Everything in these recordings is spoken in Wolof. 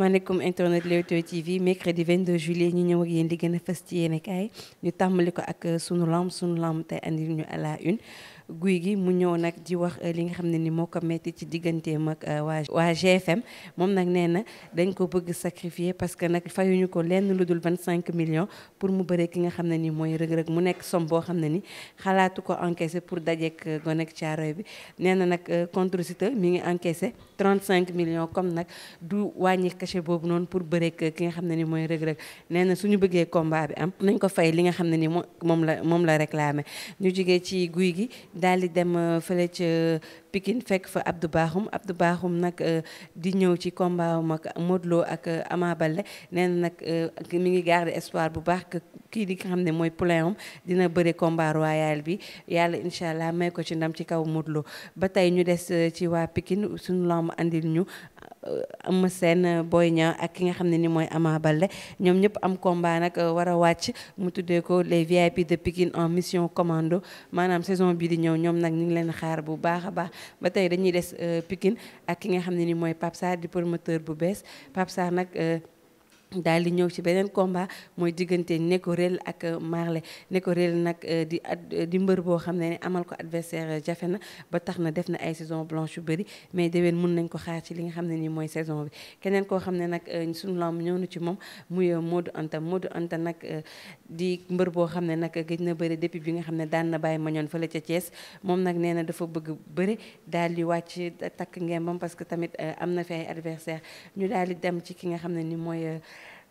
asalaamaaleykum internet Leewtoo TV mercredi 22 juillet ñu ñëw ak yéen di gën a fës ci yéen kaay ñu tàmbali ko ak euh, sunu lamb sunu lamb tey andil ñu à une. guy gi mu ñëw nag ji wax euh, li nga xam ne ni moo ko metti ci diggante ak euh, waa waa GFM moom nag nee na dañ ko bëgg sacrifier parce que nag fayuñu ko lenn lu dul vingt cinq millions pour mu bëree ki nga xam ne ni mooy rëg-rëg mu nekk somme boo xam ne ni xalaatu ko encaissé pour dajeek euh, gonek caaroy bi nee na nag contre mi ngi encaissé trente cinq millions comme nag du wàññi cachet boobu noonu pour bëreek ki nga xam ne ni mooy rëg nee na suñu bëggee combat bi am nañ ko fay li nga xam ne ni moom la moom la réclamé ñu jigee ci guy gi daal di dem euh, fële ca euh, Pikine fekk fa Abdou Bakhoum Abdou baaxum nag euh, di ñëw ci combat am ak ak Ama Baldé nee na nag mi ngi garder espoir bu baax kii di nga xam ne mooy poulain am dina bëre combat royal bi yàlla incha allah may ko ci ndam ci kaw Modou ba tey ñu des euh, ci waa pikin suñu la lamb andil ñu am euh, seen euh, Boy Niang ak ki nga xam ne ni mooy Ama Baldé ñoom ñëpp am combat nag war a wàcc mu tuddee ko les VIP de Pikine en mission commando maanaam saison bi di ñëw ñoom nag ñu ngi leen xaar bu baax a baax ba tey dañuy des Pikine ak ki nga xam ne ni mooy Pape Sarr di promoteur bu bees Pape Sarr nag daal di ñëw ci beneen combat mooy diggante ne ko Rell ak ne ko Rell nag euh, di euh, di mbër boo xam ne amal ko adversaire euh, jafe na ba tax na def na ay saison blanche yu bëri mais déwén mun nañ ko xaar ci li nga xam ne nii mooy saison bi keneen koo xam ne nag suñu lamb ñëw na ci moom muy Modou Anta Modou Anta nag di mbër boo xam ne nag gëj na bëri depuis bi nga xam ne daan na bàyyi mañoon fële ca cees moom nag nee na dafa bëgg bëri daal di wàcc takk ngembam parce que tamit am na fi ay adversaire ñu daal di dem ci ki nga xam ne nii mooy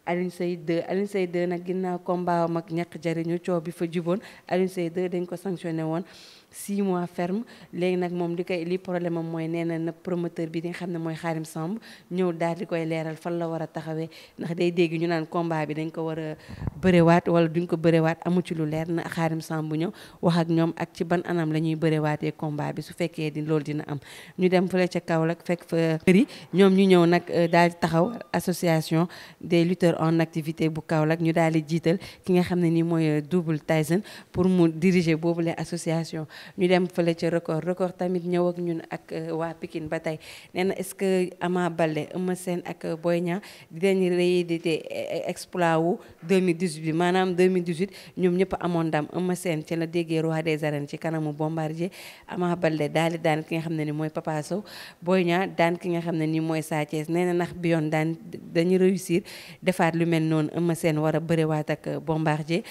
Alioune Seye 2 Alioune Seye 2 nag ginnaaw combat am ak ñàkk jariñu coow bi fa jiboon Alioune Seye 2 dañ ko sanctionné woon six mois ferme léegi nag moom li koy li problème am mooy nee na na promoteur bi di xam ne mooy Xaarim Samb ñëw daal di koy leeral fan la war a taxawee ndax day dégg ñu naan combat bi dañ ko war a bërewaat wala duñ ko waat amu ci lu leer na Xaarim Samb ñëw wax ak ñoom ak ci ban anam la ñuy bërewaatee combat bi su fekkee di loolu dina am ñu dem fële ca Kaolack fekk fa bëri ñoom ñu ñëw nag euh, daal di taxaw association de lutteurs en activité bu Kaolack ñu daal di jiital ki nga xam ne nii mooy euh, Double Tyson pour mu diriger boobu la association ñu dem fële ca record record tamit ñëw ak ñun ak euh, waa Pikine ba tey nee na est-ce que Ama Baldé Eumeu Sène ak euh, Boy Niang dinañ réédité euh, exploit wu 2018 bi maanaam 2018 ñoom ñëpp amoon ndam Eumeu ci la déggee roi des arènes ci kanamu Bombardier Ama daal di daan ki nga xam ne ni mooy Papa Sow Boy Niang daan ki nga xam ne ni mooy Sa Thiès nee na ndax bi yoon daan dañu réussir defaat lu mel noonu Eumeu seen war a bërewaat ak Bombardier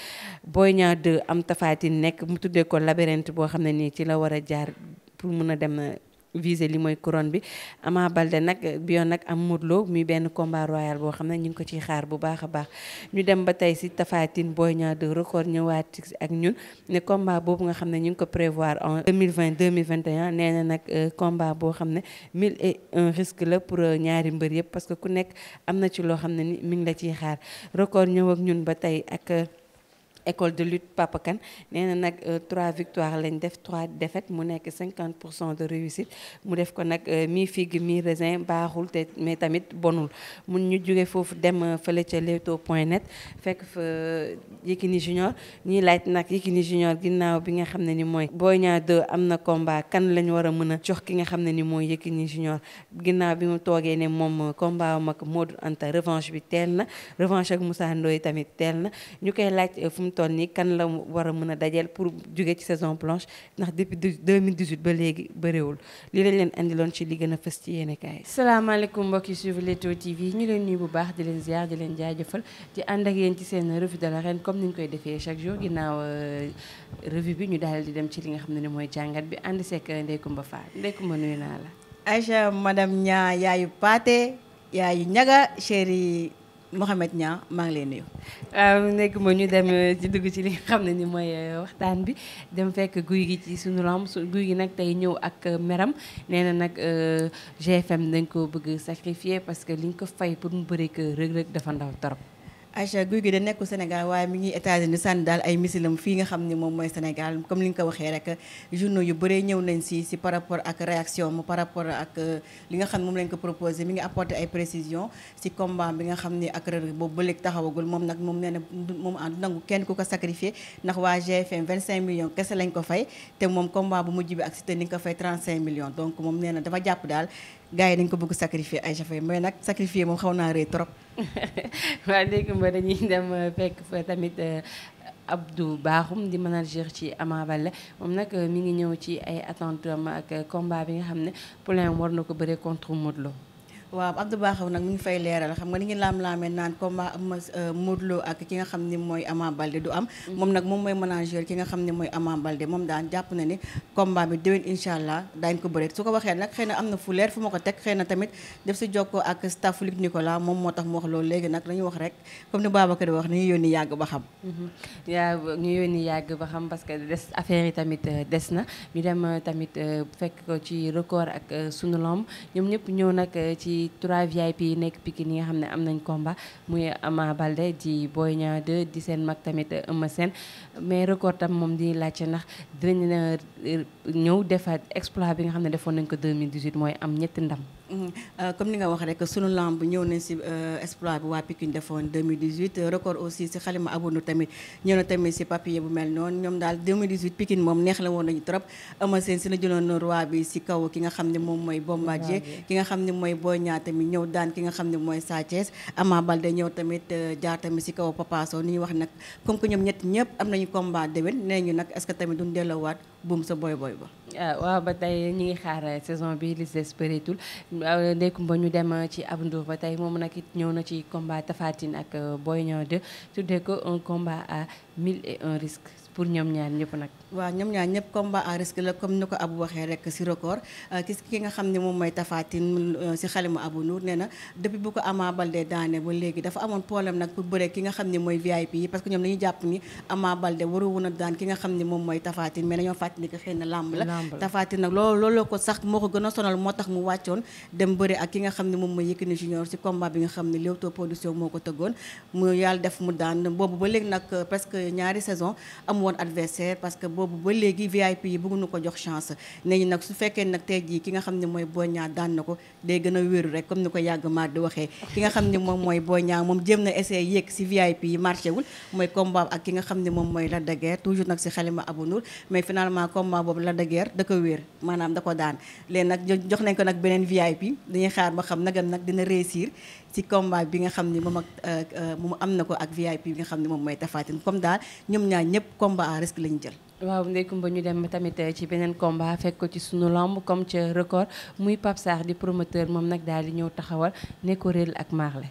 Boy Niang 2 am tafaatin nekk mu tuddee ko labyrinthe boo xam xam ne nii ci la war a jaar pour mun a dem euh, viser li mooy couronne bi Ama balde nag bi yoon nag am Modou Lo muy benn combat royal boo xam ne ñu ngi ko ciy xaar bu baax a baax ñu dem ba tey si tafaatin booy Boy Niang de record ñëwaat ak ñun ne combat boobu nga xam ne ñu ngi ko prévoir en 2020 2021 nee na nag euh, combat boo xam ne mille et un risque la pour euh, ñaari mbër yëpp parce que ku nekk am na ci loo xam ne ni mi ngi la ciy xaar record ñëw ak ñun ba tey ak école de lutte Papa Kane nee na nag euh, trois victoires lañ def trois défaites mu nekk cinquante pour cent de réussite mu def ko nag euh, mi figue mi raisin baaxul te mais tamit bonul mun ñu jóge foofu dem euh, fële ca leewtoo point net fekk fa Yékini Junior ñuy laaj nag Yékini Junior ginnaaw bi nga xam ne ni mooy Boy Niang am na combat kan lañ war a mën a jox ki nga xam ne ni mooy Yékini Junior ginnaaw bi mu toogee ne moom combat mag Modou Anta revanche bi teel na revanche ak Moussa Ndoye tamit toll nii kan la war a mën a dajeel pour jóge ci saison blanche ndax depuis 2018 ba léegi bëriwul li lañ leen andiloon ci li gën a fës ci yéen kaay. salaamaaleykum mbokk yi suivre Leewtoo TV ñu leen nuyu bu baax di leen ziar di leen jaajëfal di ànd ak yéen ci seen revue de la comme ni ñu koy defee chaque jour ginnaaw euh, revue bi ñu daal di dem ci li nga xam ne mooy jàngat bi ànd seek euh, Ndeye Coumba Fall Ndeye Coumba nuyu naa la. Aïcha madame Nia yaayu Paate yaayu ñaga chéri Mouhamed Niang maa ngi lay nuyu. Euh, nekk ma ñu dem euh, ci dugg ci li xam ne ni mooy euh, waxtaan bi dem fekk guy gi ci suñu lamb guy gi nag tey ñëw ak meram nee na nag GFM dañ koo bëgg sacrifier parce que liñ ko fay pour mu bëreeg rëg-rëg dafa ndaw torop Aïcha Gouye Gui de nekku Sénégal waaye mi ngi États-Unis sànni daal ay misilam fii nga xam ni moom mooy Sénégal comme li nga ko waxee rek journaux yu bëree ñëw nañ si si par rapport ak réaction mu li nga xam moom lañ ko proposé mi ngi apporté ay précisions si combat bi nga xam ni ak Reug Reug boobu taxawagul moom nag moom nee na moom ah nangu kenn ku ko sacrifié ndax waa GFM 25 millions kese lañ ko fay te moom combat bu mujj bi ak Siteu ni nga ko fay 35 millions donc moom nee na dafa jàpp daal gars yi dañ ko bëgg sacrifier ay Faye mais nag sacrifier moom xaw naa rëy trop. waaw léegi ma dañuy dem euh, fekk fa tamit euh, Abdou baaxum di jeex ci Ama Baldé moom nag euh, mi ngi ñëw ci ay attentes am ak combat bi nga xam ne Poulain war na ko bëre contre Modou Lo. waaw Abdou Bakhaw nag mu ngi fay leeral xam nga ni ngi laam-laamee naan combat euh, Modou Lo ak ki nga xam ni mooy Ama Baldé du am mm-hmm. moom nag moom mooy manager ki nga xam ne mooy Ama Baldé moom daan jàpp na ni combat bi déwén incha allah ko bëreet su ko waxee nag xëy na am na fu leer fu ma ko teg xëy na tamit def si ko ak staff Luc Nicolas moom moo tax mu wax loolu léegi nag lañu wax rek comme ni Babacar wax nañu yónni yàgg ba xam mm-hmm. ñu yónni yàgg ba xam parce que des affaire yi tamit euh, des na ñu dem euh, tamit fekk ko ci record ak sunu lamb ñoom ñëpp ñëw nag ci ci 3 VIP yi nekk Pikine yi nga xam ne am nañ combat muy Ama Baldé di Boy Niang 2 di seen mag tamit Eumeu seen mais record tam moom di laajte ndax dinañ euh, ñëw defaat exploit bi nga xam ne defoon nañ ko 2018 mooy am ñetti ndam Euh, comme ni nga wax rek sunu lamb ñëw nañ si euh, exploit bi waa Pikine defoon 2018 euh, record aussi si xalima abonu tamit ñëw na tamit si papier bu mel noonu ñoom daal 2018 Pikine moom neex la woon nañu trop ama seen si si kaw ki nga xam ne moom mooy Bombardier ki nga xam ne mooy Boy Niang tamit ñëw daan ki nga xam ne mooy Sa Thiès Ama Baldé ñëw tamit jaar tamit si kaw Papa Sow ni ñu wax nag comme que ñoom ñett ñëpp am nañu combat déwén nee ñu nag est-ce que tamit duñ delloowaat buum sa booy booy ba. Ah, waaw ba tey ñu ngi xaar saison bi li des bëreetul ah, ndeykum ba ñu dem ci Abou Ndour ba tey moom nag it ñëw na ci combat Tapha Tine booy Boy de 2 tuddee ko un combat à mille et un risques. pour ñoom ñaar ñëpp nag waaw ñoom ñaar ñëpp combat à la comme ni ko Abou waxee rek si record euh, ki nga xam ni moom mooy Tapha mais dañoo fàttali ko xëy na làmb la Tapha nag loolu loolu ko sax moo ko gën sonal moo tax mu wàccoon dem bëre ak ki nga xam ne moom mooy Yékini Junior si combat bi nga xam ne Leewtoo production moo ko tëggoon mu yàlla def mu daan boobu ba léegi nag euh, presque ñaari saison am woon adversaire parce que boobu ba léegi VIP yi bëgguñu ko jox chance nee ñu nag su fekkee nag tey jii ki nga xam ne mooy Boy daan na ko day gën a wéeru rek comme ni ko yàgg maar di waxee ki nga xam ne moom mooy Boy Niang moom jéem na essayé yéeg si xam ne moom mooy Lac de Guiers toujours nag si xalima Abou Nour mais finalement combat boobu Lac de Guiers da ko wéer maanaam da ko daan léegi nag jox nañ ko nag beneen VIP dañuy xaar ba xam nagam nag dina réussir ci combat bi nga xam ni moom ak euh, euh, moom am na ko ak VIP bi nga xam ni moom mooy Tapha comme daal ñoom ñaar ñëpp combat à risque lañu jël. waaw ndeykum ba ñu dem tamit euh, ci beneen combat fekk ko ci suñu lamb comme ca record muy Pape Sarr di promoteur moom nag daal di ñëw taxawal ne ko réel ak Marley.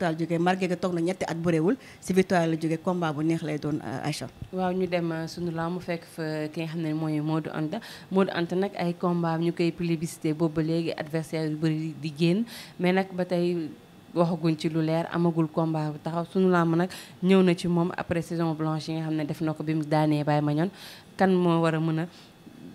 victoire jógee marqué nga toog na ñetti at bëreewul si victoire la jógee combat bu neex lay doon euh, Aïcha waaw ñu dem euh, sunu laa mu fekk fa ki nga xam ne mooy Modou Anta Modou Anta nag ay combat ñu koy plébiscité boobu ba léegi adversaire yu bëri di génn mais nag ba tey waxaguñ ci lu leer amagul combat bu taxaw sunu làmb nag ñëw na ci moom après saison blanche yi nga xam ne def na ko bi mu daanee bàyyi ma kan moo war a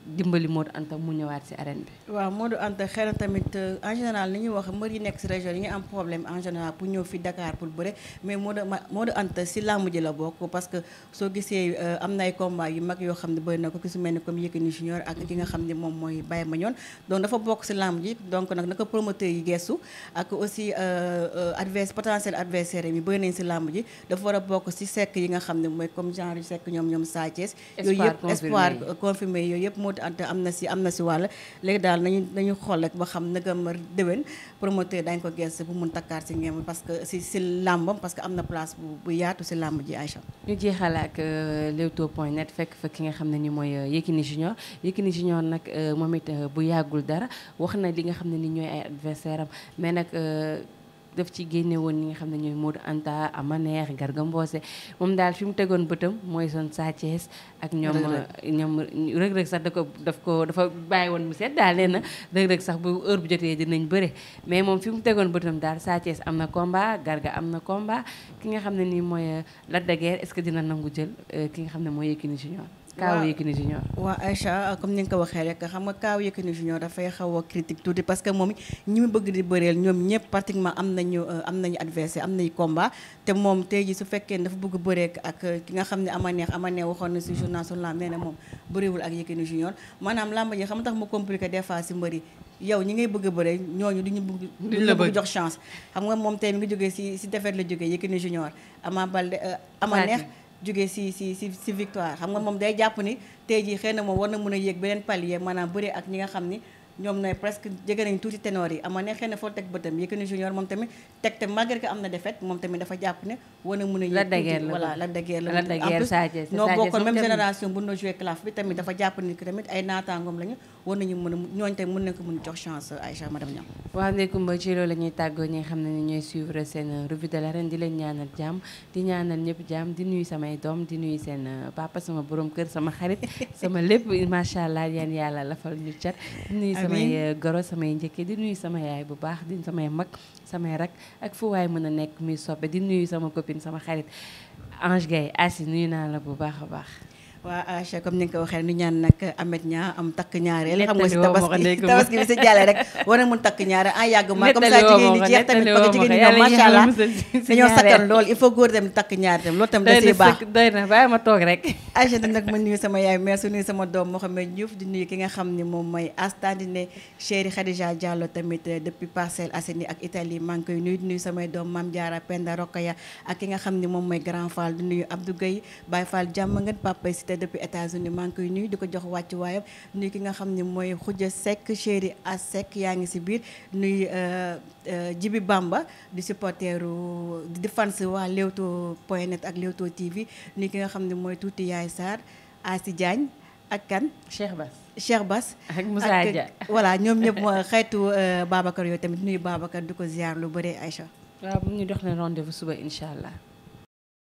dimbali Modou Anta mu ñëwaat ci arène bi. waaw Modou Anta xëy na tamit euh, en général li ñuy wax mbër yi nekk ci région yi ñu am problème en général pour ñëw fi Dakar pour bëre mais Modou Modou Anta ci làmb ji la bokk parce que soo gisee euh, am na yu mag yoo xam ne bëri na ko ki su mel ni comme Yékini Junior ak ki nga xam ne moom mooy Baye Mandione donc dafa bokk ci làmb ji donc nag naka promoteur yi gestu ak aussi euh, adverse potentiel adversaire yi bëri nañ ci làmb ji dafa war a bokk ci sekk yi nga xam ne mooy comme genre yu sekk ñoom ñoom Sa Thiès yooyu yëpp espoir confirmé yooyu yëpp Mamoud Anta am na si am na si wàll léegi daal nañu nañu rek ba xam nagam déwén promoteur dañ ko gees bu mun takkaar si ngeen parce que si si làmbam parce am na place bu bu yaatu si làmb ji Aïcha ñu jeexal ak euh, Leewtoo point net fekk fa nga xam ne ni mooy euh, Yékini Junior Yékini Junior nag euh, moom it bu yàggul dara wax na li nga xam ne ni ñooy adversaire am mais daf ci génne woon ñi nga xam ne ñooy Modou Anta Amaneex Garga mboose moom daal fi mu tegoon bëtam mooy son Sa ak ñoom ñoom Reug Reug sax da ko daf ko dafa bàyyi woon mu set daal nee na Reug Reug sax bu heure bu jotee dinañ bëre mais moom fi mu tegoon bëtam daal Sa Thiès am na combat Garga am na combat ki nga xam ne nii mooy Lac de Guiers est-ce que dina nangu jël euh, ki nga xam ne mooy si Junior Kaaw Yékini Junior waaw Aïcha comme ni nga ko waxee rek xam nga Kaaw Yékini Junior dafay xaw a critique tuuti parce que moom ñi mu bëgg di bëreel ñoom ñëpp pratiquement am nañu euh, am nañu adversaire am nañu combat te moom tey ji su fekkee dafa bëgg bëree ak ki nga xam ne Amaneex Amaneex waxoon na si mm-hmm. journal sur lamb nee na moom bëriwul ak Yékini Junior maanaam lamb ji xam nga tax mu compliqué des fois si mbëri yow ñi ngay bëgg a ñooñu duñu ñu duñu la bëgg jox chance xam nga moom tey mi ngi jógee si si defet la jógee Yékini Junior Ama Baldé euh, Amaneex jóge si si si si victoire xam nga moom day jàpp ni tey jii xëy na moom war na mën a yéeg beneen palier maanaam bëri ak ñi nga xam ni ñoom ne presque jege nañ tuuti ténor yi ama ne xëy na foo teg bëtam Yékini junior moom tamit teg te malgré que am na défaite moom tamit dafa jàpp ne war a yëg voilà la daguère la en plus noo bokkoon même génération bu no joué claf bi tamit dafa jàpp ay naataangoom lañu war nañu mën a ñooñ tamit mën nañ mën jox chance Aïcha madame Niang waaw ndeykumba ci loolu la tàggoo ñi xam ne ñooy suivre seen revue de l'arène di leen ñaanal jàmm di ñaanal ñëpp jàmm di nuyu samay doom di nuyu seen euh, papa sama borom kër sama xarit sama lépp macha allah yéen yàlla lafal ñu samay eh, goro samay njëkkee di nuyu sama yaay bu baax di samay mag samay rak ak fu waay mën a nekk muy soppe di nuyu sama copine sama xarit Ange Gaye Asi nuyu naa la bu baax a baax waa Aïcha comme ni nga ko waxee nu ñaan nag Amet ñaa am takk ñaareel xam nga si tabaski tabaski bi si jàllee rek war na mun takk ñaareel en ah, yàgg ma comme ça jigéen ñi jeex tamit parce que jigéen ñi ñoom macha allah dañoo sakkan lool il faut góor ma toog rek Aïcha nag ma nuyu sama yaay mais su nuyu di nuyu ki nga xam ni moom mooy Asta di ne chéri Khadija tamit euh, depuis Parcelles Assainies ak Italie maa ngi nuyu nuyu samay doom Mame Diarra Penda Rokhaya ak ki nga xam ne moom mooy Grand Fall di nuyu Abdou Gueye Baye Fall jàmm ngeen papa connecté depuis États-Unis maa ngi koy nuyu di ko jox wàccu waayam nuyu ki nga xam ne mooy Khoudia Seck Chéri A Seck yaa ngi si biir nuyu euh, euh, Jibi bàmba di supporteru di fans waa Leewtoo point net ak Leewtoo TV nuyu ki nga xam ne mooy tuuti Yaay Sarr Asi Diagne ak kan Cheikh Bass Cheikh Bass ak Moussa Dia voilà ñoom ñëpp xeetu euh, Babacar yooyu tamit nuy Babacar di ko ziar lu bëri Aïcha waaw bu ñu dox na rendez-vous suba incha allah